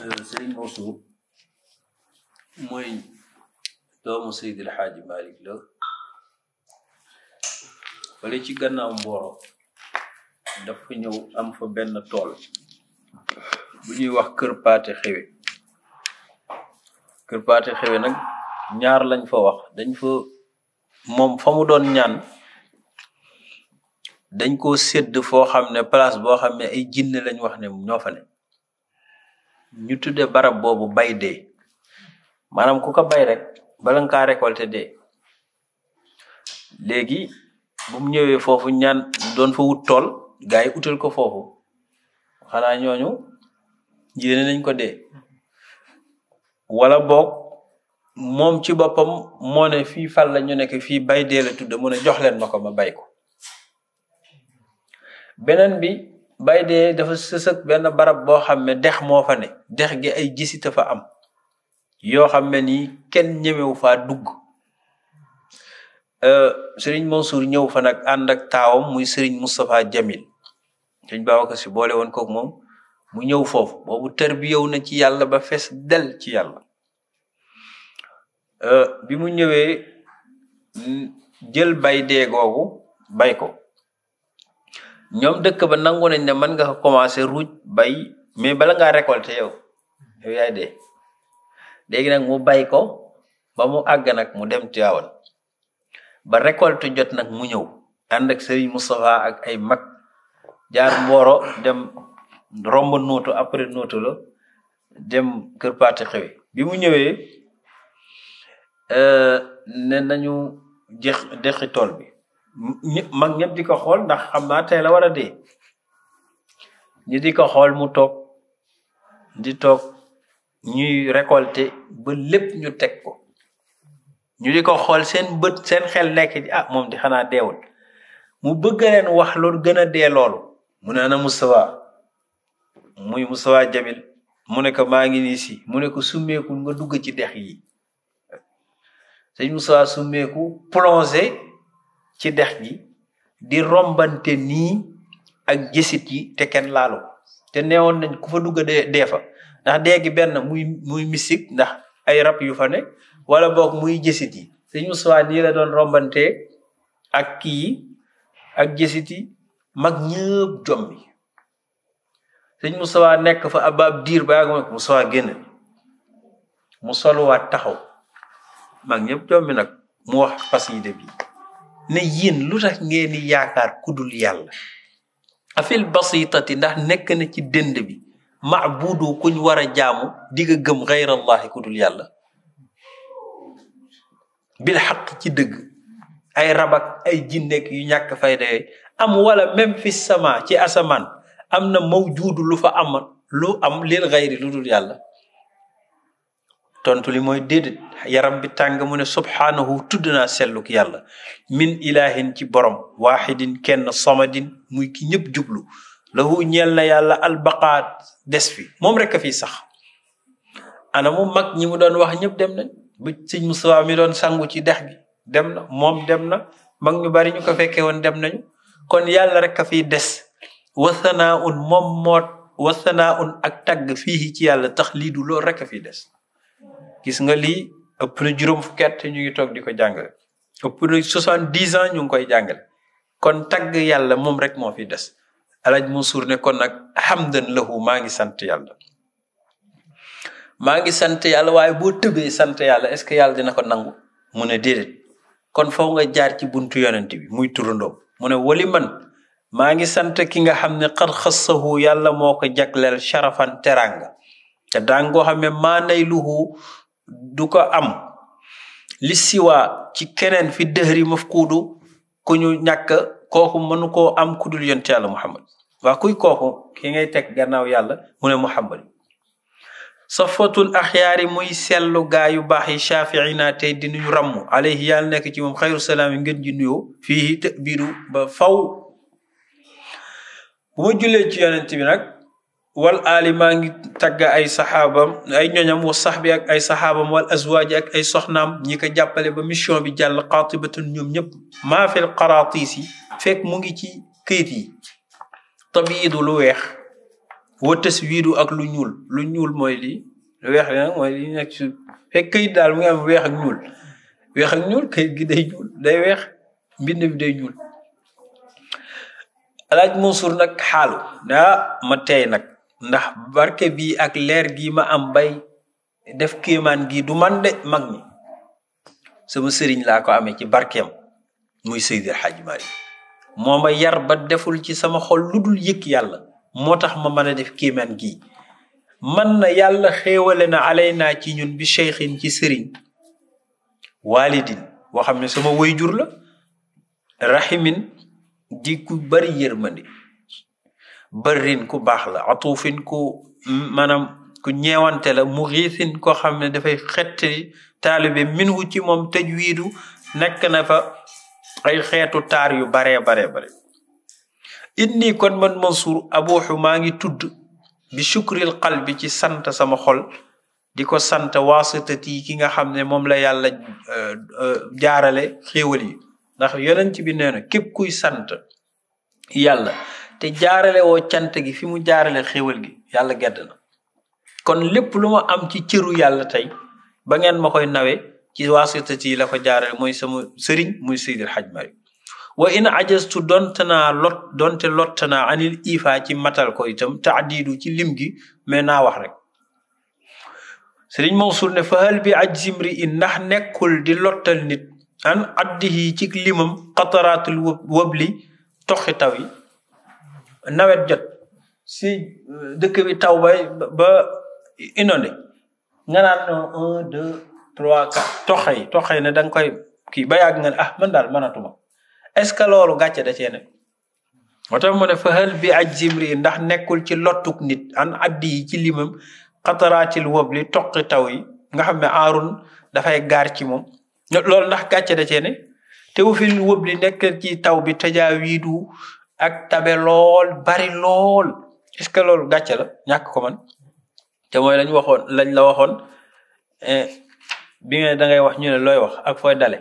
Euh, Serigne Mansour mooy doomu Seydil Xaaji Malik la wala ci gannaaw mbooro dafa ñëw am fa benn tool bu ñuy wax kër paate xewe kër paate xewe nag ñaar lañ fa wax dañ fa moom fa mu doon ñaan dañ ko sedd foo xam ne place boo xam ne ay jinne lañ wax ne ñoo fa ñu tudde barab boobu bay dee maanaam ku ko bay rek bala nga kaa récolter dee léegi bu mu ñëwee foofu ñaan doon fa wut tool gars yi utal ko foofu xanaa ñooñu yéene nañ ko dee wala boog moom ci boppam moo ne fii fal la ñu nekk fii bay dee la tudd mu ne jox leen ma ko ma bay bi. bay dee dafa sësëg benn barab boo xam ne dex moo fa ne dex gi ay gisi dafa am yoo xam ne nii kenn ñemewu faa dugg euh, sëriñ Mansour ñëw fa nag ànd ak taawam muy sëriñ Moustapha Jamil sëriñ Babacar si boole woon kook moom mu ñëw foofu boobu tër bi yow na ci yàlla ba fes del ci yàlla euh, bi mu ñëwee jël bay dee bay ko ñoom dëkk ba nangu nañ ne mën nga commencé ruuj bay mais bala ngaa récolter yo yow yaay dee léegi nag mu bay ko ba mu àgg nag mu dem Tiwaawan ba récolte jot nag mu ñëw ànd ak Serigne Moustapha ak ay mag jaar Mboro dem romb nootu après nootu dem Kër Paate Xewi bi mu ñëwee euh, ne nañu jeex deqi tool bi. mag ñëpp di ko xool ndax xam naa la war a dee ñu di ko xool mu toog di toog ñuy récolter ba lépp ñu teg ko ñu di ko xool seen bët seen xel nekk ci ah moom di xanaa deewul mu bëgg leen wax loolu gën a dee loolu mu ne ana Moustapha muy Moustapha Jamil mu ne ko maa ngi nii si mu ne ko summeekul nga dugg ci dex yi plongé ci dex gi di rombante nii ak jësit yi te kenn laalu te neewoon nañ ku fa dugga de dee fa ndax dee gi benn muy muy misik ndax ay rab yu fane ne wala boog muy jësit yi sëñ Moussa nii la doon rombante ak kii ak jësit yi mag ñëpp jombi sëñ Moussa nekk fa ab diir ba nga mag Moussa génn mu soluwaat taxaw mag ñëpp jombi nag mu wax fas yi de ne yéen lu tax ngeen di yaakaar kudul yàlla afil basitati ndax nekk na ci dënd bi maabudu kuñ war a jaamu di nga gëm xayrallahi kudul yàlla bil xaq ci dëgg ay rabak ay jinnek yu ñàkk fayda yooyu am wala même fi sama ci asamaan am na mawjuudu lu fa am lu am leen xayri lu dul yàlla tontu li mooy déedéet yaram bi tàng mu ne subhaanahu tudd naa selluk yàlla min ilahin ci borom waaxidin kenn somadin muy ki ñëpp jublu lahu ñeel na yàlla albaqaat des fi moom rek a fi sax ana mu mag ñi mu doon wax ñépp dem nañ bu sëñ Moustapha mi doon sangu ci dex gi dem na moom dem na mag ñu bari ñu ko fekkee woon dem nañu kon yàlla rek a fi des wasanaa un moom moot wasanaa un ak tagg fii ci yàlla tax lii du loolu rek a fii des gis nga lii ëpp na juróom fukki at ñu ngi toog di ko jàngale ëpp na soixante dix ans ñu ngi koy jàngale kon tagg yàlla moom rek moo fi des alaaj Mansuur ne kon nag hamdan lahu maa ngi sant yàlla maa ngi sant yàlla waaye boo tëbee sant yàlla est ce que yàlla dina ko nangu mu ne déedéet kon foo nga jaar ci buntu yonent bi muy turandoo mu ne wali man maa ngi sant ki nga xam ne xar xassahu yàlla moo ko jagleel sharafan teranga te daan goo xam du ko am li ci keneen fi dëhri mafkuudu ku ñu ñàkk kooku mënu koo am ku dul yonte yàlla muhammad waa kuy kooku ki ngay teg gannaaw yàlla mune ne muhammad safatul axyaari muy sellu gaa yu baax yi shafii naa tey di nuyu ramm alayhi yàlla nekk ci moom xayru salaam yi ngeen ji nuyoo fii biiru ba faw bu ma jullee ci yonent bi nag wal aali ngi tagg ay saxaabam ay ñoñam wa sax bi ak ay saxaabam wal azwaaji ak ay soxnaam ñi ko jàppale ba mission bi jàll xaatibatun ñoom ñëpp maa fil xaraatiis yi mu ngi ci këyit yi tabiidu lu weex wa taswiidu ak lu ñuul lu ñuul mooy lii lu weex li nag mooy li nekk ci fekk daal mu ngi am weex ak ñuul weex ak ñuul këyit gi day ñuul day weex mbind bi day ñuul alaaj Mansuur nag xaalu daa ma tey nag ndax barke bi ak leer gi ma am bay def kéemaan gi du man de mag ñi sama sëriñ laa ko amee ci barkem muy Seydi Hadji Malick moo ma yar ba deful ci sama xol lu dul yëkk yàlla moo tax ma mën a def kéemaan gi man na yàlla xéewale na alay naa ci ñun bi cheikhin ci sëriñ walidin boo xam ne sama wayjur la rahimin di ku bari yërmande barrin ku baax la atuufin ku maanaam ku ñeewante la muxiisin koo xam ne dafay xettali taalibe minhu ci moom tajwiidu nekk na fa ay xeetu taar yu baree baree bare inni kon man Mansour abuxu maa ngi tudd bi shukril qalbi ci sant sama xol di ko sant waasitati ki nga xam ne moom la yàlla eh, eh, jaarale xéewal yi ndax yonent bi nee na képp kuy sant yàlla te jaarale woo cant gi fi mu jaarale xéwal gi yàlla gedd na kon lépp lu ma am ci cëru yàlla tey ba ngeen ma koy nawe ci waasitati la ko jaarale mooy sama sëriñ muy Seydil Hadj Mari wa in ajastu donte naa lot donte lot naa anil ifa ci matal koy ko itam taadidu ci lim gi mais naa wax rek sëriñ Mansour ne fahal bi aj zimri in ndax nekkul di lottal nit an addihi ci limam qataraatul wabli toxi taw yi nawet jot si euh, dëkk bi taw ba inondé nga naan non un deux trois quatre toxay toxay ne da nga koy kii ba yàgg nga ne ah man daal mënatuma est-ce que loolu gàcce da cee ne moo tax bi aj zimri ndax nekkul ci lottuk nit an addi ci limam xataraatil wob li toqi taw yi nga xam ne aarun dafay gaar ci moom loolu ndax gàcce da cee te wu fi wob ci taw bi tajaawiidu ak tabe lool bari lool est que loolu gàcce la ñàkk ko man te mooy lañ waxoon lañ la waxoon eh, bi nga da ngay wax ñu ne looy wax ak fooy dale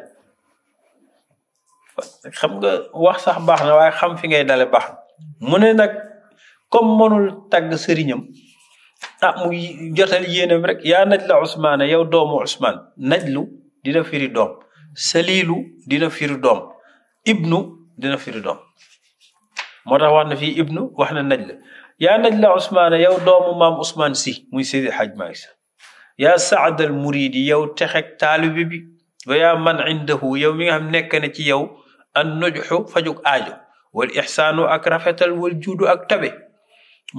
xam nga wax sax baax na waaye xam fi ngay dale baax na mu ne nag comme mënul tàgg sëriñam ah mu jotal yéenam rek yaa naj la Ousmane yow doomu Ousmane najlu dina firi doom salilu dina firi doom ibnu dina firi doom moo tax wax na fii ibnu wax na naj la yaa naj la Ousmane yow doomu maam Ousmane si muy Seydi Hadj Malick Sy yaa saadal muridi yow texeg taalibe bi wa man indahu yow mi nga xam nekk na ci yow an nujuxu fajug aajo wal ixsaanu ak rafetal wal juudu ak tabe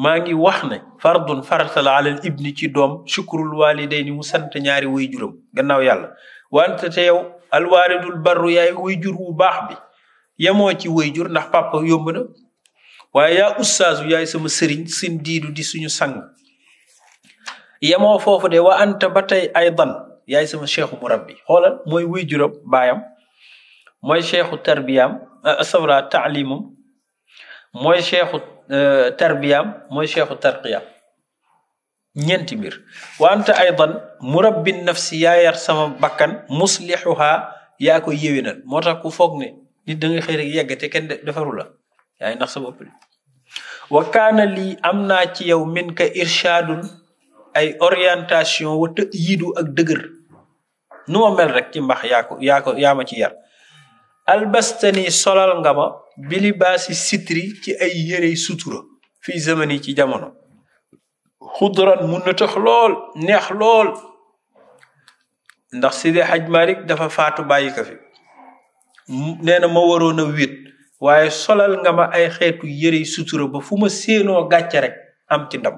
maa ngi wax ne fardun faratal alal ibni ci doom shukrul walidayni mu sant ñaari way juram gannaaw yàlla wante te yow alwalidul barru yaay way wu baax bi yamoo ci way jur ndax papa yomb na waaye yaa ustaasu yaay sama sëriñ sin diidu di suñu sang yemoo foofu de wa anta ba tey aydan yaay sama cheikhu murabbi xoolal mooy wuy baayam mooy cheikhu tarbiyaam eh, asawra taalimam mooy cheikhu eh, tarbiyaam mooy cheikhu tarqiyaam ñeenti mbir wa anta aydan murabbi nafsi yaa yar sama bakkan muslixuha yaa ko yéwénal moo tax ku foog ne nit da nga xëy rek yegg te defaru la yaay ndax sa bopp wa kaana lii am naa ci yow min ka irshaadun ay orientation wa yiidu ak dëgër nu mel rek ci mbax yaa ci yar albastani solal ngama ma bili baasi sitri ci ay yërey sutura fii zamani ci jamono xudran mun na tax lool neex lool ndax Sidi Haj Malik dafa faatu bàyyi ko fi nee na ma waroon a waaye solal nga ma ay xeetu yëre sutura ba fu ma séenoo gàcce rek am ci ndam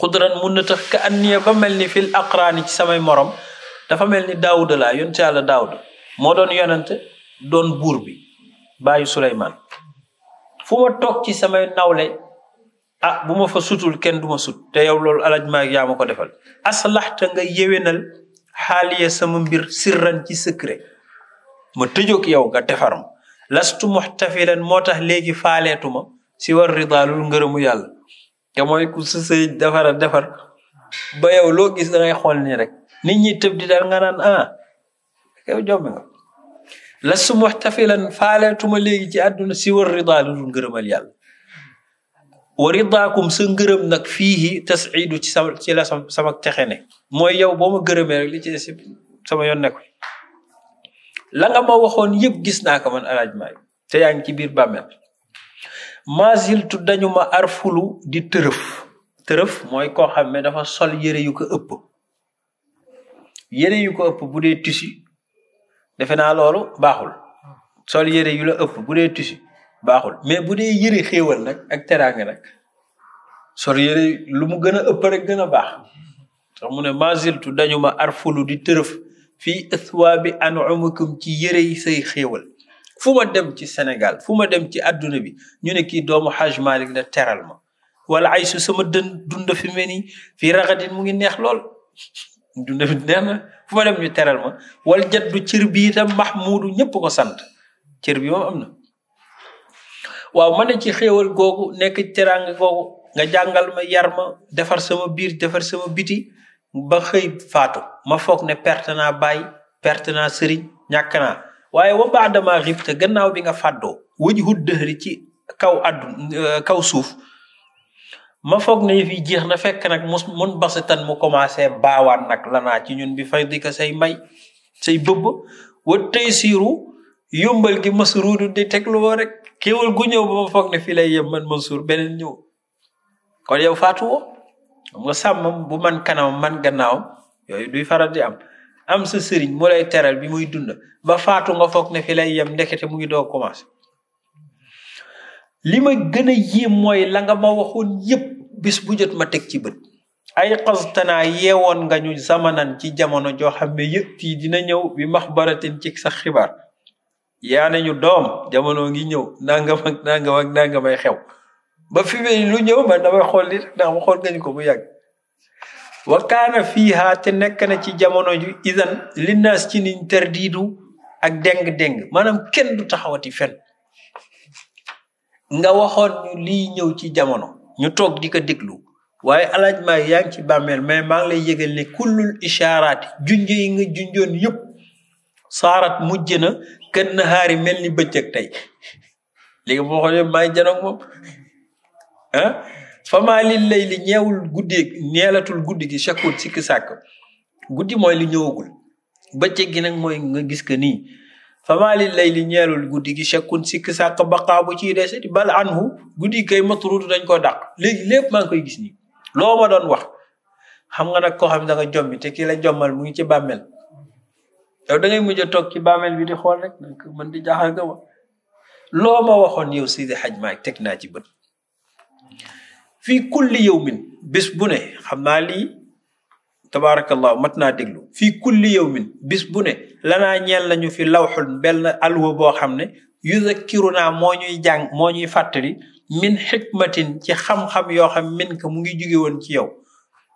xudran mun na tax ka anniya ba mel ni fil aqraani ci samay morom dafa mel ni daawuda la yonent yàlla daawuda moo doon yonante doon buur bi bàyyi suleymaan fu ma toog ci samay nawle ah bu ma fa sutul kenn du ma sut te yow loolu alaj maa yaa ma ko defal aslaxta nga yewenal xaaliya sama mbir sirran ci secret ma tëjoog yow nga defarma lastu muxtafilan moo tax léegi faaleetuma si war ridaalul ngërëmu yàlla te mooy ku su sëy defara defar ba yow loo gis xool nii rek nit ñi tëb di daal nga naan ah yow jommi nga lastu muxtafilan faaleetuma léegi ci àdduna si war ridaalul ngërëmal yàlla wa ridaakum sa ngërëm nag fii tasidu ci sama ci la sama texe ne mooy yow boo ma gërëmee rek li ci sama yoon nekk la nga ma waxoon yëpp gis naa ko man alaaj maay te yaa ngi ci biir bàmmeel maasiltu dañu ma arfulu di tërëf tërëf mooy koo xam ne dafa sol yére yu ko ëpp yére yu ko ëpp bu dee tissu defe naa loolu baaxul sol yére yu la ëpp bu dee tissu baaxul mais bu dee yére xéewal nag ak teraanga nag sol yére lu mu gën a ëpp rek gën a baax sax mu ne maasiltu dañu ma arfulu di tërëf fii athwaabi an'umikum ci yëre yi say xéewal fu ma dem ci Sénégal fu ma dem ci adduna bi ñu ne kii doomu Hajj Malik la teral ma wala ay su sama dën dund fi mel nii fii raxatin mu ngi neex lool dund fi neex na fu ma dem ñu teral ma wal jaddu cër bi itam Mahmuudu ñëpp ko sant cër bi moom am na waaw ma ne ci xéewal googu nekk ci teraanga googu nga jàngal ma yar ma defar sama biir defar sama biti ba xëy faatu ma foog ne perte naa bàyyi perte naa sëriñ ñàkk na waaye wa baadama xibta gannaaw bi nga fàddoo wajhu dëhri ci kaw addu euh, kaw suuf ma foog ne fi jeex na fekk nag mus mun tan mu commencé baawan nag lanaa ci ñun bi fa di ko say may say bëbb wa tey siiru yombal gi masruudu di tegluwoo rek kéwal gu ñëw ba ma foog ne fii lay yem man Mansour beneen ñëw kon yow faatu woo nga sàmm bu man kanam man gannaaw yooyu duy faral di am am sa sëriñ mu lay teral bi muy dund ba faatu nga foog ne fi lay yem ndekete mu ngi doo commencé li ma gën a yéem mooy la nga ma waxoon yépp bis bu jot ma teg ci bët ay xos tanaa yewoon nga ñu zamanan ci jamono joo xam ne yëpp fii dina ñëw bi max baratin ci sax xibaar yaa nañu doom jamono ngi ñëw nangam ak nangam xew ba fi may lu ñëw man damay xool li rek ndax ma xool ngañ ko bu yàgg wa kaana fiiha te nekk na ci jamono ju idan linnaas ci niñ tardiidu ak déng-déng maanaam kenn du taxawati fen nga waxoon ñu lii ñëw ci jamono ñu toog di ko déglu waaye alaaj maa yaa ngi ci bàmmeel mais maa ngi lay yëgal ne kullul ishaaraati junj yi nga junjoon yëpp saarat mujj na kën na mel ni bëcëg tey léegi boo xoolee maa janoog moom ah fama lil lay li ñeewul guddi ñeelatul guddi gi chakkul sikki sàkk guddi mooy li ñëwagul bëccëg gi nag mooy nga gis que ni fama lil lay li ñeelul guddi gi chakkun sikki sàkk baqaa bu ciy deseti bal anhu guddi kay matruudu dañ ko dàq léegi lépp maa ngi koy gis ni loo ma doon wax xam nga nag koo xam ne da nga jommi te kii la jommal mu ngi ci bàmmeel yow da ngay mujj a toog ki bàmmeel bi di xool rek donc man di jaaxal nga ma loo ma waxoon yow Seydi Hajj Maalik teg naa ci bët fii kulli min bis bu ne xam naa lii tabaarakallahu mat naa déglu fii kulli min bis bu ne lanaa ñeel nañu fi lawxul benn alwa boo xam ne yuzakkiru naa moo ñuy jàng moo ñuy fàttali min xikmatin ci xam-xam yoo xam min ka mu ngi juge woon ci yow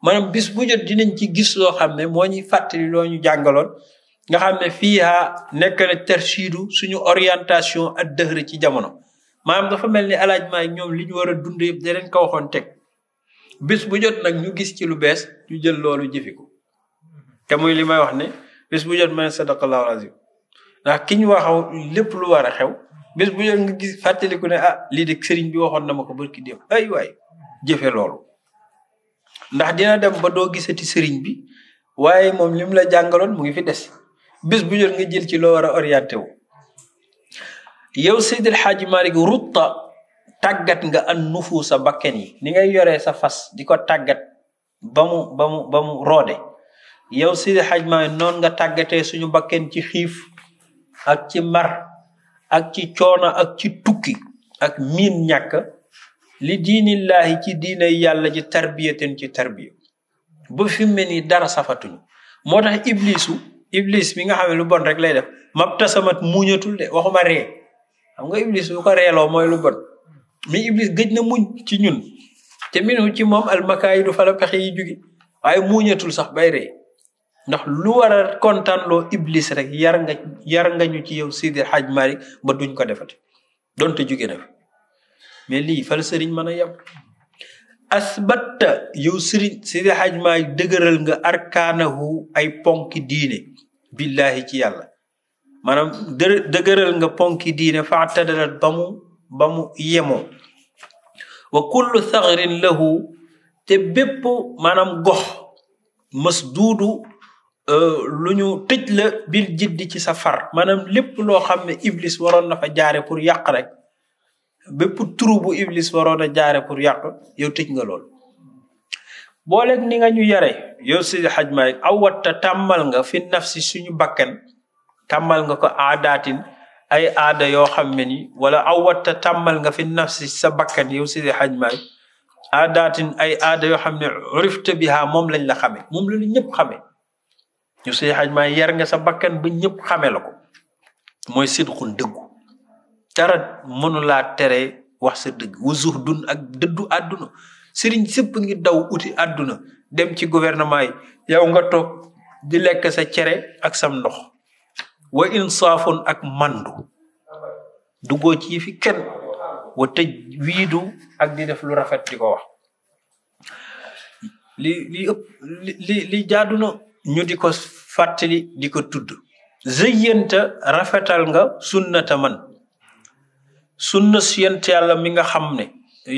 maanaam bis bu jot dinañ ci gis loo xam ne moo ñuy fàttali loo ñu jàngaloon nga xam ne fii ha nekk na tersiidu suñu orientation ak dëxër ci jamono maam dafa mel ni alaaj maay ñoom li ñu war a dund yëpp da leen waxoon teg bis bu jot nag ñu gis ci lu bees ñu jël loolu jëfe ko te muy li may wax ne bis bu jot may sadaqallahu azim ndax ki ñu waxaw lépp lu war a xew bis bu jot nga gis fàttaliku ne ah lii de sëriñ bi waxoon na ma ko barki dem ay waay jëfe loolu ndax dina dem ba doo gisati sëriñ bi waaye moom li mu la jàngaloon mu ngi fi des bis bu jot nga jël ci loo war a orienté wu yow Seydi El Hadji rutta tàggat nga an nufu sa bakken yi ni ngay yoree sa fas di ko tàggat ba mu ba mu ba mu roode yow Seydi xaj Hadji noon nga tàggatee suñu bakken ci xiif ak ci mar ak ci coono ak ci tukki ak miin ñàkk li diinillahi ci diine yàlla ji tarbiyaten ci tarbiya ba fi mu ne nii dara safatuñu moo tax iblisu iblis mi nga xam lu bon rek lay def mab tasamat muñatul de waxuma ree xam nga iblis bu ko reeloo mooy lu bon mi iblis gëj na muñ ci ñun te minu ci moom almakaayidu fa la pexe yi jóge ay muñatul sax bay ree ndax lu war a kontaanloo iblis rek yar nga yar nga ñu ci yow Sidi Hadj Malick ba duñ ko defati donte jóge fi mais li fa sëriñ mën a yem asbatta yow sëriñ Sidi Hadj Malick dëgëral nga arkaanahu ay ponki diine billahi ci yàlla maanaam dë nga ponki diine fa tadalat ba mu ba mu yemoo wa kullu saxrin lahu te bépp maanaam gox mas duudu euh, lu ñu tëj la bil jiddi ci sa far maanaam lépp loo xam ne iblis waroon na fa jaare pour yàq rek bépp turu bu iblis waroon a jaare pour yàq yow tëj nga lool boole ni nga ñu yare yow si xaj maay awat ta tàmmal nga fi nafsi suñu bakkan tàmmal nga ko aadaatin ay aada yoo xam ne ni wala awatta tàmmal nga fi nafsi sa bakkan yow si xajmaay aadaatin ay aada yoo xam ne bi biha moom lañ la xame moom la lu ñëpp xame yow si xajmaay yar nga sa bakken ba ñëpp xamee la ko mooy sidqun dëggu dara mënulaa tere wax sa dëgg wa zuhdun ak dëddu àdduna sëriñ sëpp ngi daw uti àdduna dem ci gouvernement yi yow nga toog di lekk sa cere ak sam ndox wa insaafun ak mandu duggoo ci fi kenn wa tëj wiidu ak di def lu rafet di ko wax li li ëpp li li jaadu na ñu di ko fàttali di ko tudd zëyyanta rafetal nga sunnata man sunna si yent yàlla mi nga xam ne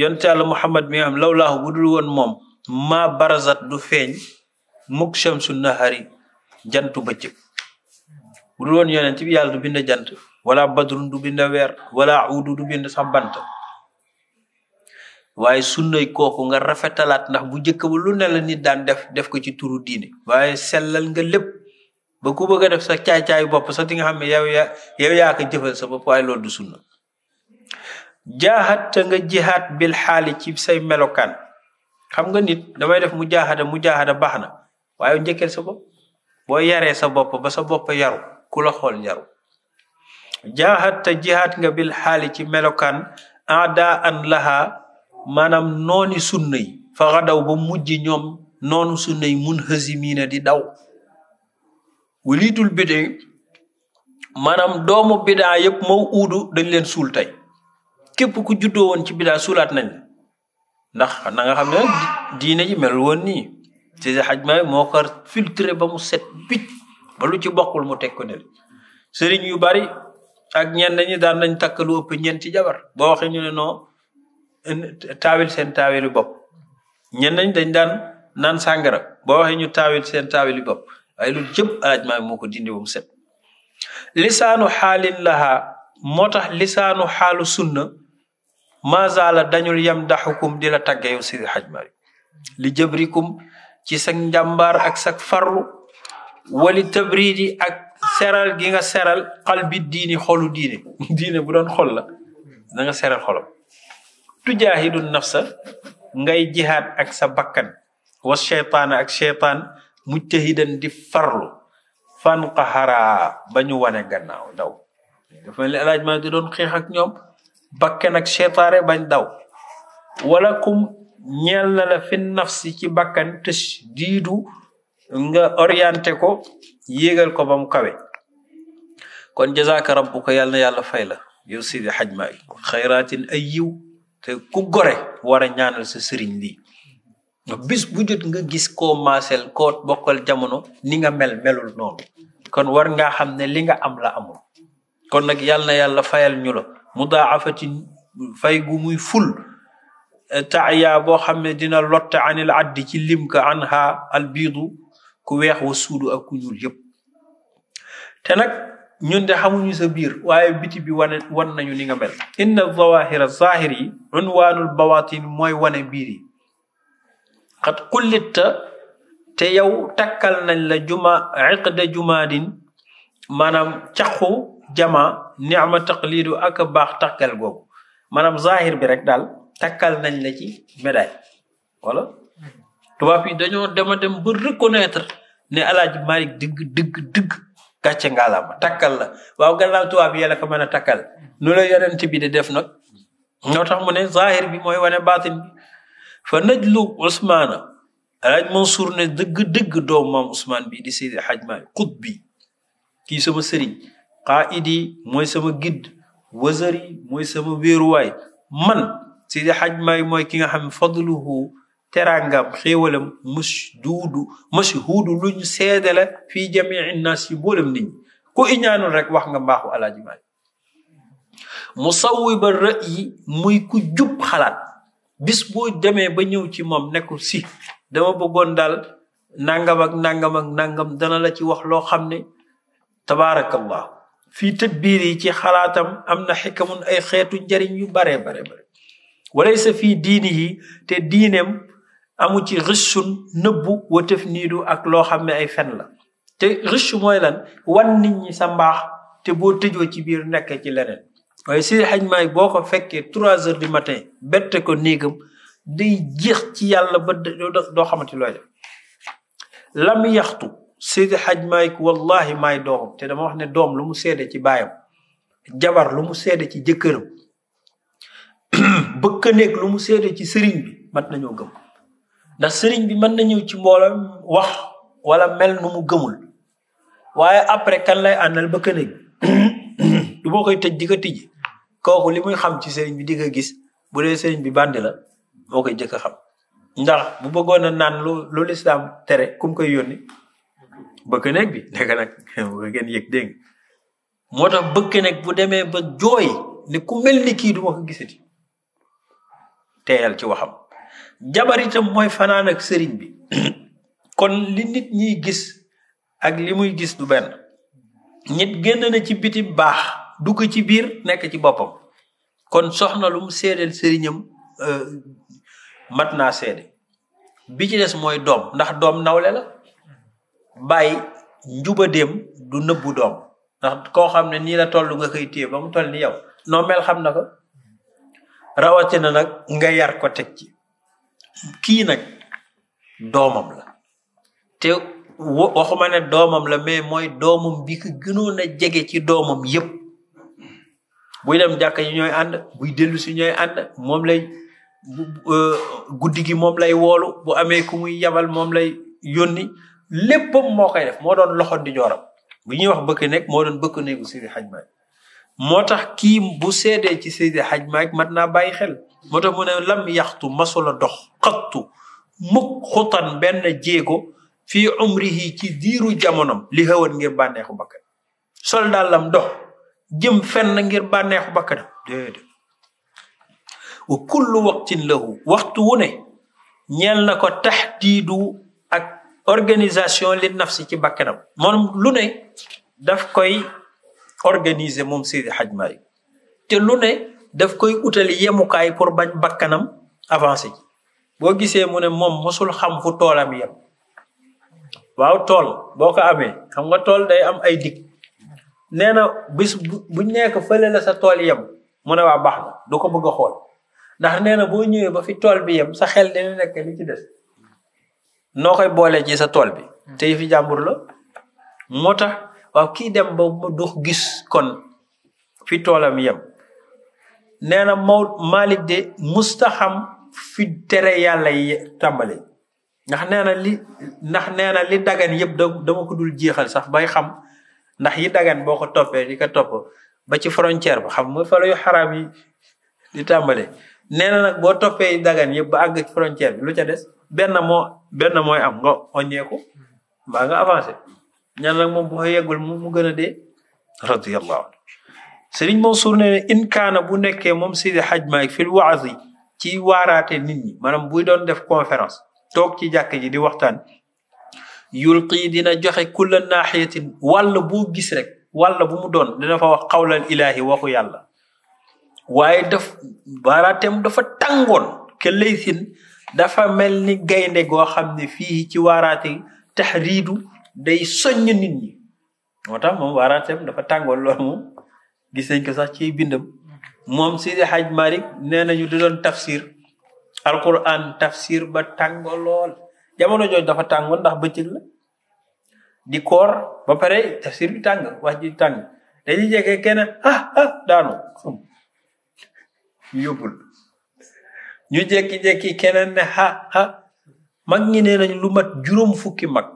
yent yàlla muhammad mi nga xam lawlaahu bu dul woon moom maa barazat du feeñ mukk shamsu nahari jantu bu dul woon yonent bi yàlla du bind jant wala badrun du bind weer wala udu du bind sax bant waaye sunnay kooku nga rafetalaat ndax bu njëkk ba lu ne la nit daan def def ko ci turu diine waaye sellal nga lépp ba ku bëgg a def sa caay-caayu bopp sax di nga xam ne yow yaa yow yaa ko jëfal sa bopp waaye loolu du sunna jaaxat nga jihaat bil xaali ci say melokaan xam nga nit damay def mu jaaxada mu jaaxada baax na waaye njëkkeel sa bopp boo yaree sa bopp ba sa bopp yaru ku la xool njaru jaaxat te nga bil xaali ci melokaan ada an laha maanaam nooni sunna yi faxa daw ba mujj ñoom noonu sunna yi mun xësimiina di daw waliidul bid'a maanaam doomu bidaa yëpp maw uudu dañ leen suul tey képp ku juddoo woon ci bidaa suulaat nañ ndax na nga xam ne diine ji melul woon nii ci xaj ma moo ko ba mu set bicc ba lu ci bokkul mu teg ko sëriñ yu bari ak ñenn daan nañ takk lu ëpp ñeenti jabar boo waxee ñu ne non taawil seen taawilu bopp ñenn ñi dañ daan naan sàngara boo waxee ñu taawil seen taawil bopp waaye lu jëpp alaaj maa moo ko dindi moom set lisaanu xaalin lahaa moo tax lisaanu xaalu sunna mazala dañul yem daxukum di la tàgge yow sidi xaj mari li jëbrikum ci sa njàmbaar ak sa farlu wali tabridi ak seral gi nga seral qalbi diini xolu diine diine bu doon xol la da nga seral xolam tujaahidu nafsa ngay jihaad ak sa bakkan wa cheytaana ak cheytaan mujtahidan di farlu fan qaxaraa ba ñu wane gannaaw daw dafa mel ni alaaj ma di doon xeex ak ñoom bakkan ak cheytaane bañ daw wala kum ñeel na la fi nafsi ci bakkan tësh diidu nga orienté ko yéegal ko ba mu kawe kon jazaaka rabbuka yàlla na yàlla fay la yow sidi xaj ma ay xayraatin ay yiw te ku gore war a ñaanal sa sëriñ lii bis bu jot nga gis koo maasel koo bokkal jamono ni nga mel melul noonu kon war nga xam ne li nga am la amul kon nag yàlla na yàlla fayal ñu la mudaafatin fay gu muy ful taaya boo xam ne dina lotte anil addi ci lim ka an ha albiidu ku weex wa suudu ak ku ñuul yëpp te nag ñun de xamuñu sa biir waaye biti bi wane wan nañu ni nga mel inna zawahira zahir yi unwaanul bawatin mooy wane biir yi xat xullitta te yow takkal nañ la juma iqda din maanaam caqu jama nicma taqlidu ak baax takkal googu maanaam zahir bi rek daal takkal nañ la ci médaille wala tubaab yi dañoo dem a dem ba reconnaître ne alaaji Malick dëgg dëgg dëgg gàcce ngaalaama takkal la waaw gannaaw tubaab yi yàlla ko mën a takkal nu la yonent bi def nag ñoo tax mu ne zahir bi mooy wane baatin bi fa najlu Ousmane alaaj Mansour ne dëgg-dëgg doom maam Ousmane bi di Seydi Haj Malick xut bi kii sama sëriñ qaidi mooy sama gidd wazari mooy sama wéeruwaay man Seydi Haj Malick mooy ki nga xam ne fadluhu teraangam xéewalam mashduudu mashhuudu lu ñu seede la fii jamii naas yi boolam nit ñi ku iñaanul rek wax nga mbaaxu alaaji maali musawiba ra'yi muy ku jub xalaat bis boo demee ba ñëw ci moom ne ko si dama bëggoon daal nangam ak nangam ak nangam dana la ci wax loo xam ne tabaarakallah fii tadbiir yi ci xalaatam am na xikamun ay xeetu njariñ yu baree bare bare walaysa fii diini yi te diineem amu ci rëccun nëbbu wëtëf niidu ak loo xam ne ay fen la te rëcc mooy lan wan nit ñi sa mbaax te boo tëjoo ci biir nekk ci leneen waaye si xaj maay boo ko fekkee trois heures du matin bette ko néegam day jeex ci yàlla ba doo xamante looy def lam yaxtu Seydi Xaj Maalik wallahi maay doomam te dama wax ne doom lu mu seede ci baayam jabar lu mu seede ci jëkkëram bëkkaneeg lu mu seede ci sëriñ bi mat nañoo gëm ndax sëriñ bi mën na ñëw ci mbooloom wax wala mel nu mu gëmul waaye après kan lay àndal ba këne du boo koy tëj di ko tijji kooku li muy xam ci sëriñ bi di ko gis bu dee sëriñ bi bandi la moo koy jëkk a xam ndax bu bëggoon a naan lu lu lislaam tere kum koy yónni bëkk nekk bi nekk nag nga ngeen yëg dégg moo tax bëkk bu demee ba jooy ne ku mel ni kii du ma ko gisati teeyal ci waxam jabar mooy fanaan ak sëriñ bi kon li nit ñiy gis ak li muy gis du benn nit génn na ci biti baax dugg ci biir nekk ci boppam kon soxna lu mu seedeel sëriñam euh, mat naa seede bi ci des mooy doom ndax doom nawle la bàyyi njubadeem du nëbbu doom ndax koo xam ne nii la toll nga koy téye ba mu toll ni yow noo mel xam na ko rawatina nag nga yar ko teg ci kii nag doomam la te waxuma doomam la mais mooy doomam bi ko gënoon a jege ci doomam yépp buy dem jàkk yi ñooy ànd buy dellu si ñooy ànd moom lay euh, guddi gi moom lay woolu bu amee ku muy yabal moom lay yónni léppam moo koy def moo doon loxo di jooram bu ñuy wax bëkk nekk moo doon bëkk nekku Seydi Hajj Maalik moo tax kii bu seedee ci Seydi Hajj Maalik mat naa bàyyi xel moo tax mu ne lam yaxtu masula dox xattu mukk xutan benn jéego fii umrihi ci diiru jamonom li xëwan ngir bànneexu bakkan sol dàllam dox jëm fenn ngir bànneexu bakkanam déedéet wa kullu waqtin lahu waxtu wu ne ñeel na ko taxdiidu ak organisation li nafsi ci bakkanam moom lu ne daf koy organise moom Seydi Hajji Maalik te lu ne daf koy utali yemukaay pour bañ bakkanam avancé boo gisee mu ne moom mosul xam fu toolam yem waaw tool boo ko amee xam nga tool day am ay dig nee na bis buñ nekk fële sa tool yem mu ne waa baax na du ko bëgg a xool ndax nee na boo ñëwee ba fi tool bi yem sa xel dina nekk li ci des noo koy boole ci sa tool bi te fi jàmbur la moo tax waaw kii dem ba mu du gis kon fi toolam yem nee na Maw Malick de musta xam fi tere yàlla yi tàmbali ndax nee na li ndax nee na li dagan yëpp da dama ko dul jeexal sax bay xam ndax yi dagan boo ko toppee di ko topp ba ci frontière ba xam nga fa la yu yi di tàmbale nee na nag boo toppee dagan yëpp ba àgg ci bi lu ca des benn moo benn mooy am nga oññeeku mbaa nga avancé ñaan moom bu yeggul mu gën a dee radiyallahu anhu sëriñ Mansour nee na in kaana bu nekkee moom Sidi xaj Maalik fil waaz ci waaraate nit ñi maanaam buy doon def conférence toog ci jàkk ji di waxtaan yulqi dina joxe kulla naaxiyatin wàlla bu gis rek wàlla bu mu doon dina fa wax xawlal ilaahi waxu yàlla waaye daf waaraateem dafa tàngoon ke laysin dafa mel ni gaynde goo xam ne fii ci waaraate taxriidu day soññ nit ñi moo tax moom waaraateem dafa tàngoon loolu moom gis nañ ko sax ci bindam moom Seydi Hadj mari nee nañu di doon tafsir alquran tafsir ba tàng lool jamono jooju dafa tàngoon ndax bëccëg la di koor ba pare tafsir bi tàng wax ji tàng dañu jege kenn ah ah daanu yóbbul ñu jekki-jekki keneen ne ha ha mag ñi nee nañ lu mat juróom fukki mag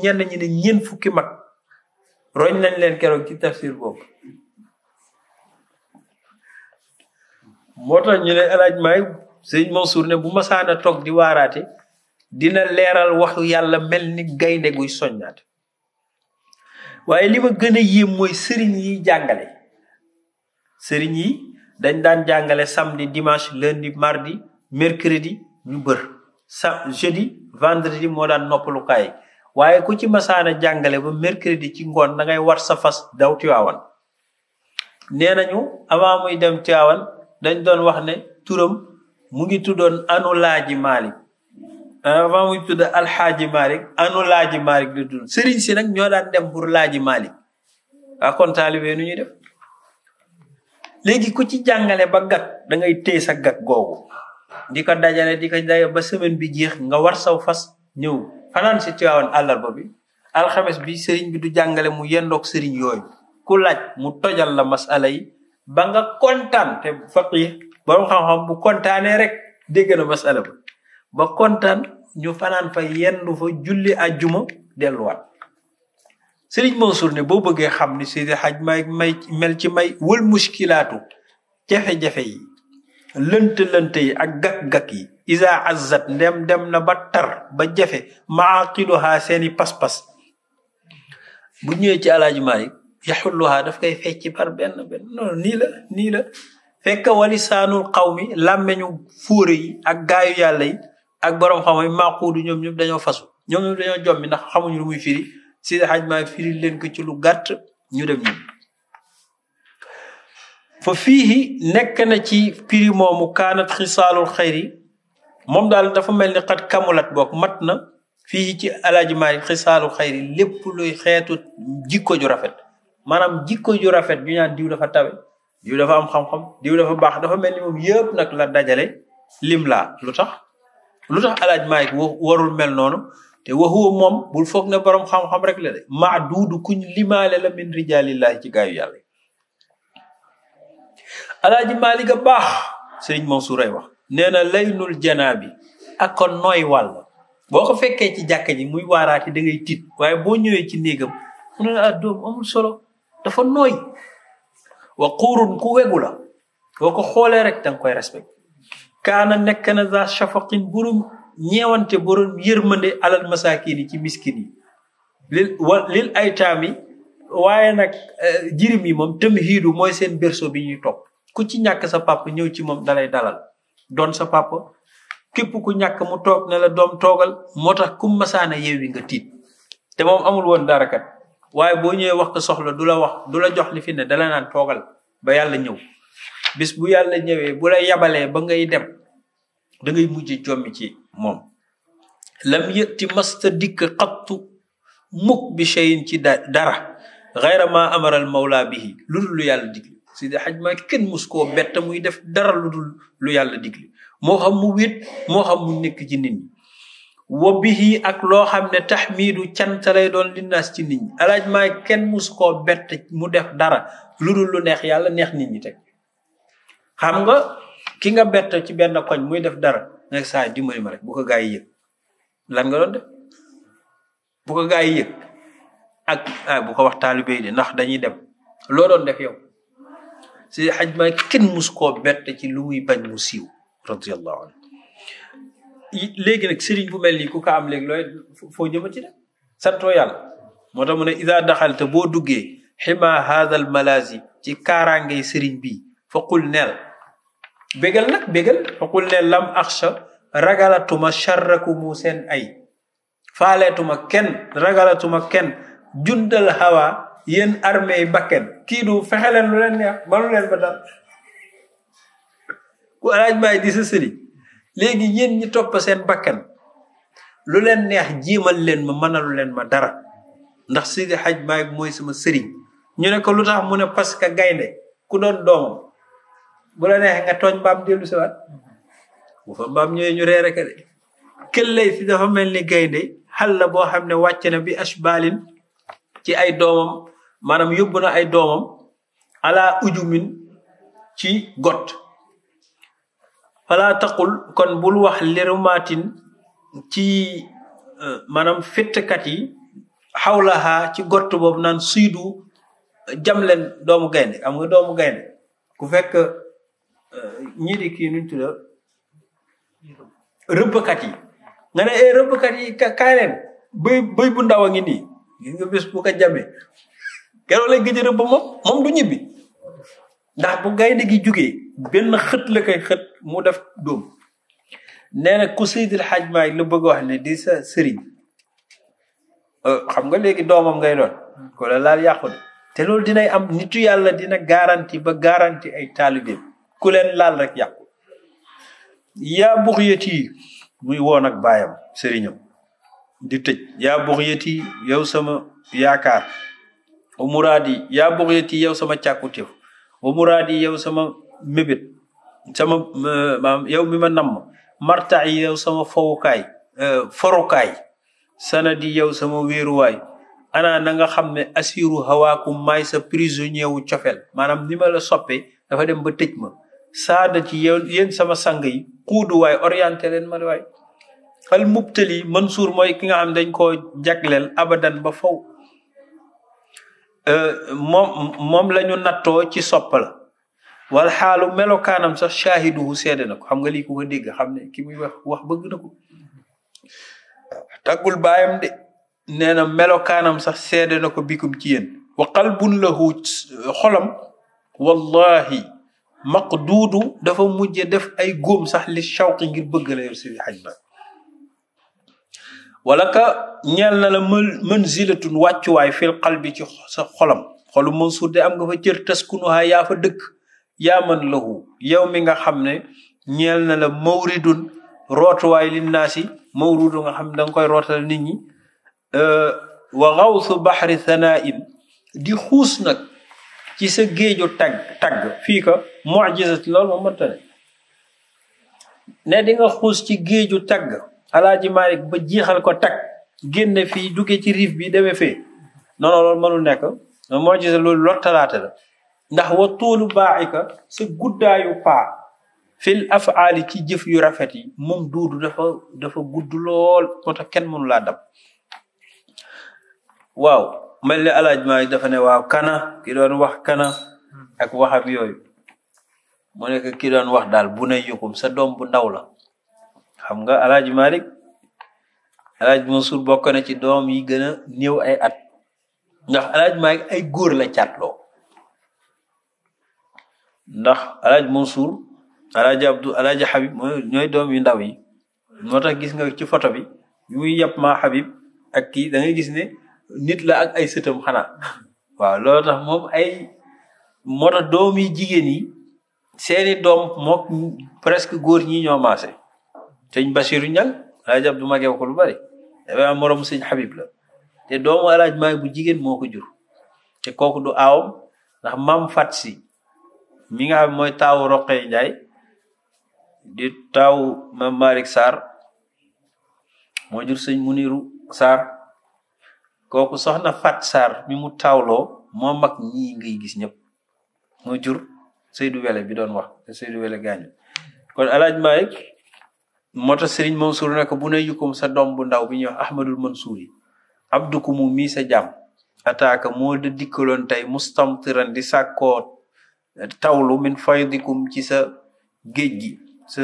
ñenn ñi ne fukki mag roñ nañ leen keroog ki tafsir boobu moo tax ñu ne El Hadj Maay sëñ Mansour ne bu masaana toog di waaraate dina leeral waxu yàlla mel ni gaynde guy soññaat waaye lima ma gën a yéem mooy sëriñ yi jàngale sëriñ yi dañ daan jàngale samedi dimanche lundi mardi mercredi ñu bër sa jeudi vendredi moo daan noppalukaay waaye ku ci masaana jàngale ba mercredi ci ngoon da ngay war sa fas daw Tiwaawan nee nañu avant dem Tiwaawan dañ doon wax ne turam mu ngi tuddoon anulaaji Malick ah, avant muy tudd alxaaji Malick anulaaji sëriñ si nag ñoo daan dem bur laaji Malick waa ah, kon taalibe nu ñuy def léegi ku ci jàngale ba gàkk da ngay sa gàkk googu di ko dajale di ko dajale ba semaine bi jeex nga war saw fas ñëw fanaan si Tiwaawan àllarba bi alxames bi sëriñ bi du jàngale mu yendoog sëriñ yooyu ku laaj mu tojal la masala yi banga kontaan te faqih borom xam-xam bu kontaanee rek dégg na masala ba kontaan ñu fanaan fa yendu fa julli àjjuma delluwaat Sëriñ Mansour ne boo bëggee xam ni Seydi Hajj may mel ci may wël muskilaatu jafe-jafe yi lënt-lënt yi ak gak-gak yi isa azzat ndem dem na ba tar ba jafe ma maaqiduha seeni pas-pas bu ñëwee ci alaaji Maalik yaxulluhaa daf koy fecci par benn benn nii la nii la fekk walisaanul xawmi làmmeñu fóore yi ak gaayu yàlla yi ak borom xam yi maaquudu ñoom ñëpp dañoo fasu ñoom ñëpp dañoo jommi ndax xamuñu lu muy firi si xaj maa firi leen ko ci lu gàtt ñu dem ñu fa fii nekk na ci firi moomu kaanat xisaalul xayri moom daal dafa mel ni xat kamulat boog mat na fii ci alaaji maalik xisaalul xayri lépp luy xeetu jikko ju rafet maanaam jikko ju rafet ñu ñaan diw dafa tawe diw dafa am xam-xam diw dafa baax dafa mel ni moom yëpp nag la dajale lim laa lu tax lu tax alaaj Maalik warul mel noonu te waxuwa moom bul foog na borom xam-xam rek la de maa duudu kuñ limaale la min rijaalillahi ci gaayu yàlla alaaji Maalik a baax sëriñ Mansour ay wax nee na laynul janaa bi ak ko nooy wàll boo ko fekkee ci jàkka ji muy waaraate da ngay waaye boo ñëwee ci néegam mu ne la ah, amul solo dafa nooy waquurun ku wegu la boo ko xoolee rek dang koy respect kaana nekk na za shafaqin burum ñeewante borom yërmande alal masaakin yi ci miskin yi lil wa lil aytaam yi waaye nag eh, jirim yi moom tam xiidu mooy seen berceau bi ñuy toog ku ci ñàkk sa papa ñëw ci moom dalay dalal doon sa papa képp ku ñàkk mu toog ne la doom toogal moo tax ku masaana yeewi nga tiit te moom amul woon dara waaye boo ñëwee wax ko soxla du la wax du la jox li ne dala naan toogal ba yàlla ñëw bis bu yàlla ñëwee bu la yabalee ba ngay dem dangay ngay mujj jommi ci moom lam yëtti masta dikk xattu mukk bi cheyin ci dara xayra ma amaral mawla bihi lu dul lu yàlla digli si de xaj ma kenn mus koo bett muy def dara lu dul lu yàlla digli moo xam mu wét moo xam mu nekk ci nit ñi wa bihi ak loo xam ne tax taxmiidu cant lay doon linnaas ci nit ñi alaaj maay kenn musu koo bett mu def dara lu dul lu neex yàlla neex nit ñi teg xam nga ki nga bett ci benn koñ muy def dara nekk saa may ma rek bu ko gaa yi yëg nga doon def bu ak ah bu ko wax taalibe yi de ndax dañuy dem loo doon def yow si aj maay kenn musu koo bett ci lu muy bañ mu siiw radiyallahu anhu léegi nag sëriñ bu mel nii ku ko am léegi looy foo jëma ci de moo tax mu ne ida daxalta boo duggee xima haadal malaasi ci kaaraangey sëriñ bi faqul neel bégal nag bégal faqul neel lam axsha ragalatuma charrakumu seen ay faaleetuma kenn kenn jundal hawa yéen armée yi bakken kii du fexe lu leen neex mënu leen ba dal ku alaaj baay di sa sëriñ léegi yéen ñi topp seen bakkan lu leen neex jiimal leen ma mënalu leen ma dara ndax Seydi Hajj Maalik mooy sama sëriñ ñu ne ko lu tax mu ne parce que gaynde ku doon doom bu la neexee nga tooñ mbaam dellu si waat bu fa mbaam ñëwee ñu reere ka de këllay fi dafa mel ni gaynde xal la boo xam ne wàcc na bi ashbalin ci ay doomam maanaam yóbbu na ay doomam ala ujumin ci gott fala taqul kon bul wax lirumatin ci euh, maanaam fittkat yi xawlaha ci gott boobu naan suydu jam leen doomu gaynde am nga doomu gaynde ku fekk euh, ñii di kii nuñ tudda rëbbkat yi nga ne ee eh, rëbbkat yi kaay bu ndaw a ngi nii gis nga bés bu ko jamee lay gëj a rëbb moom du ñibbi ndax bu gaynde gi jugee benn xët la koy xët mu def dóom nee na ku Seydil Xaaj Maalik lu bëgg wax ne di sa sëriñ euh, xam nga léegi doomam ngay doon ko la laal yàqu te loolu dinay am nitu yàlla dina garanti ba garanti ay taalibeem ku leen laal rek yàqu yaa buxyati muy woon ak baayam sëriñam di tëj yaa buxyati yow sama yaakaar wa muraadi yaa buxyati yow sama càkkutéef wa muraadi yow sama mébét sama yow mi ma namm martax yow sama fowukaay euh, forukaay di yow sama wéeruwaay ana na nga xam ne asiru hawaakum maay sa prisonnier wu cofel maanaam ni ma soppee dafa dem ba tëj ma saada ci yow yéen sama sang yi kuuduwaay orienté leen ma waay al man suur mooy ki nga xam dañ koo jagleel abadan ba faw euh, moom moom la nattoo ci sopp la wala xaalu melokaanam sax shaahiduhu seede na ko xam nga lii ku ko dégg xam ne ki muy wax wax bëgg na ko taggul baayam de nee na melokaanam sax seede na ko bikum ci yéen wa qalbun xolam wallahi maqduudu dafa mujj def ay góom sax li shawqi ngir bëgg la yor ba wala ka ñeel na la mën manzilatun wàccuwaay fil qalbi ci sa xolam xolu Mansuur de am nga fa cër taskunuha yaa fa dëkk yaa man lahu yow mi nga xam ne ñeel na la mawridun rootuwaay lin naasi mawridu nga xam ne da koy rootal nit ñi euh, wa xawsu baxri sanaim di xuus nag ci sa géeju tag tag fii ka mojisat loolu moom mënta ne dinga xuus ci géeju tagg alaaji Malik ba jeexal ko tagg génne fii duggee ci riif bi deme fee non non loolu mënul nekk mojisa loolu lottalaate la ndax wa toolu baaxika sa guddaayu paa fil afaali ci jëf yu rafet yi moom duudu dafa dafa gudd lool moo tax kenn mënu laa dab waaw mel ni alaaj maa dafa ne waaw kana ki doon wax kana ak waxam yooyu mu nekk ki doon wax daal bu nay yukum sa doom bu ndaw la xam nga alaaj Malik alaaj Mansour bokk na ci doom yi gën a néew ay at ndax alaaj Malik ay góor la caatloo ndax alaaj Mansour alaaj Abdou alaaj Habib mooy ñooy doom yu ndaw yi moo gis nga ci photo bi bi muy yàpp maa Habib ak kii da gis ne nit la ak ay sëtam xanaa waaw loolu tax moom ay moo tax doom yi jigéen yi seeni doom mook presque góor ñi ñoo maase sëñ Basiru ñal alaaj Abdou magew lu bari dafa am moroom sëñ la te doomu alaaj maay bu jigéen moo ko jur te kooku du aawam ndax maam fat si mi nga xam mooy taawu Roqee Njaay di taawu mam Malick Sarr jur sëñ Muniru Sarr kooku soxna Fat sar mi mu taawloo moo mag ñii ngay gis ñëpp moo jur Seydou Wele bi doon wax te Seydou Wele gaañu kon alaaj Malick moo tax sëriñ Mansour ne ko bu ne sa doom bu ndaw bi ñuy wax Ahmadul Mansour yi abdukumu mii sa jàmm ataaka moo da dikkaloon tey mustamtiran di sàkkoo tawlu min faydikum ci sa géej gi sa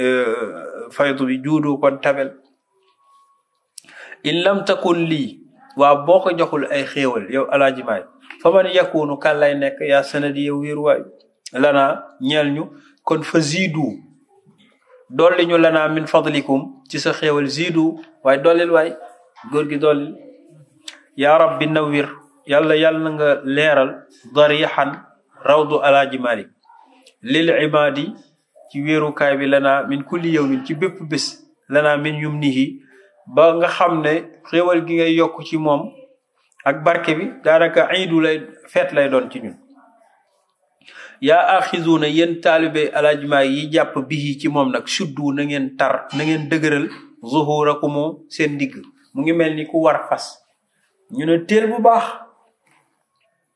euh, faydu bi juudu kon tabel in lam takun lii waaw boo ko joxul ay xéewal yow alaaji maay fa man yakunu kan lay nekk yaa sanadi yow wéeruwaay lanaa ñeel ñu kon fa ziidu dolli ñu lanaa min fadlikum ci sa xéewal ziidu waaye dollil way góor gi dollil yaa rabbi nawwir yàlla yàlla nga leeral darixan rawdu alaaji malik lil ibaadi ci wéerukaay bi lana min kulli yawmin ci bépp bés lana min yum nihi ba nga xam ne xéewal gi ngay yokk ci moom ak barke bi daanaka iidu lay feet lay doon ci ñun yaa axizuuna yéen taalibe alaaji yi jàpp bihi ci moom nag suddu na ngeen tar na ngeen dëgëral zuhurakumu seen ndigg mu ngi mel ni ku war fas ñu ne téel bu baax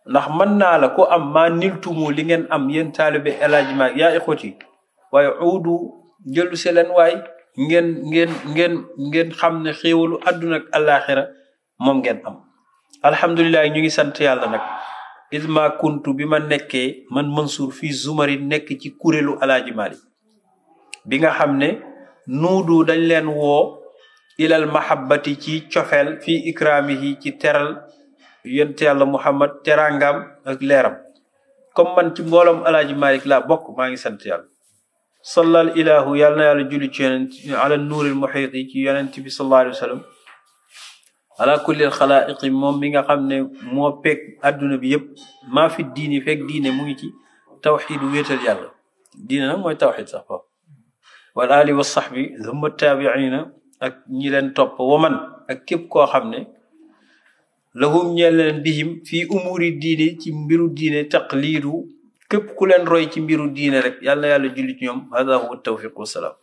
ndax man naa la ko am maa niltumu li ngeen am yéen taalibe elajma yaa ixuti waaye uudu jëlu si leen waay ngeen ngeen ngeen ngeen xam ne xéewalu àdduna ak moom ngeen am alhamdulilah ñu ngi sant yàlla nag is ma kuntu bi ma nekkee man Mansour fii zumari nekk ci kuréelu alaaji Mali bi nga xam ne nuudu dañ leen woo ilal mahabbati ci cofeel fii ikraamihi ci teral yonent yàlla Muhammad teraangam ak leeram comme man ci mbooloom alaaji Malik laa bokk maa ngi sant yàlla sallal ilahu yàlla na yàlla julli ci yonent ala nuuril muxiit yi ci yonent bi sallallahu alayhi wa mi nga xam ne moo peeg adduna bi yëpp maa fi fek feeg diine mu ngi ci tawxid wéetal yàlla diine nag mooy tawxid sax foofu wal ali wa saxbi thumma ak ñi leen topp waman ak képp koo xam ne lahum ñeel leen bihim fii umuri diine ci mbiru diine taqliidu képp ku leen roy ci mbiru diine rek yàlla yàlla julli ci ñoom hada huwa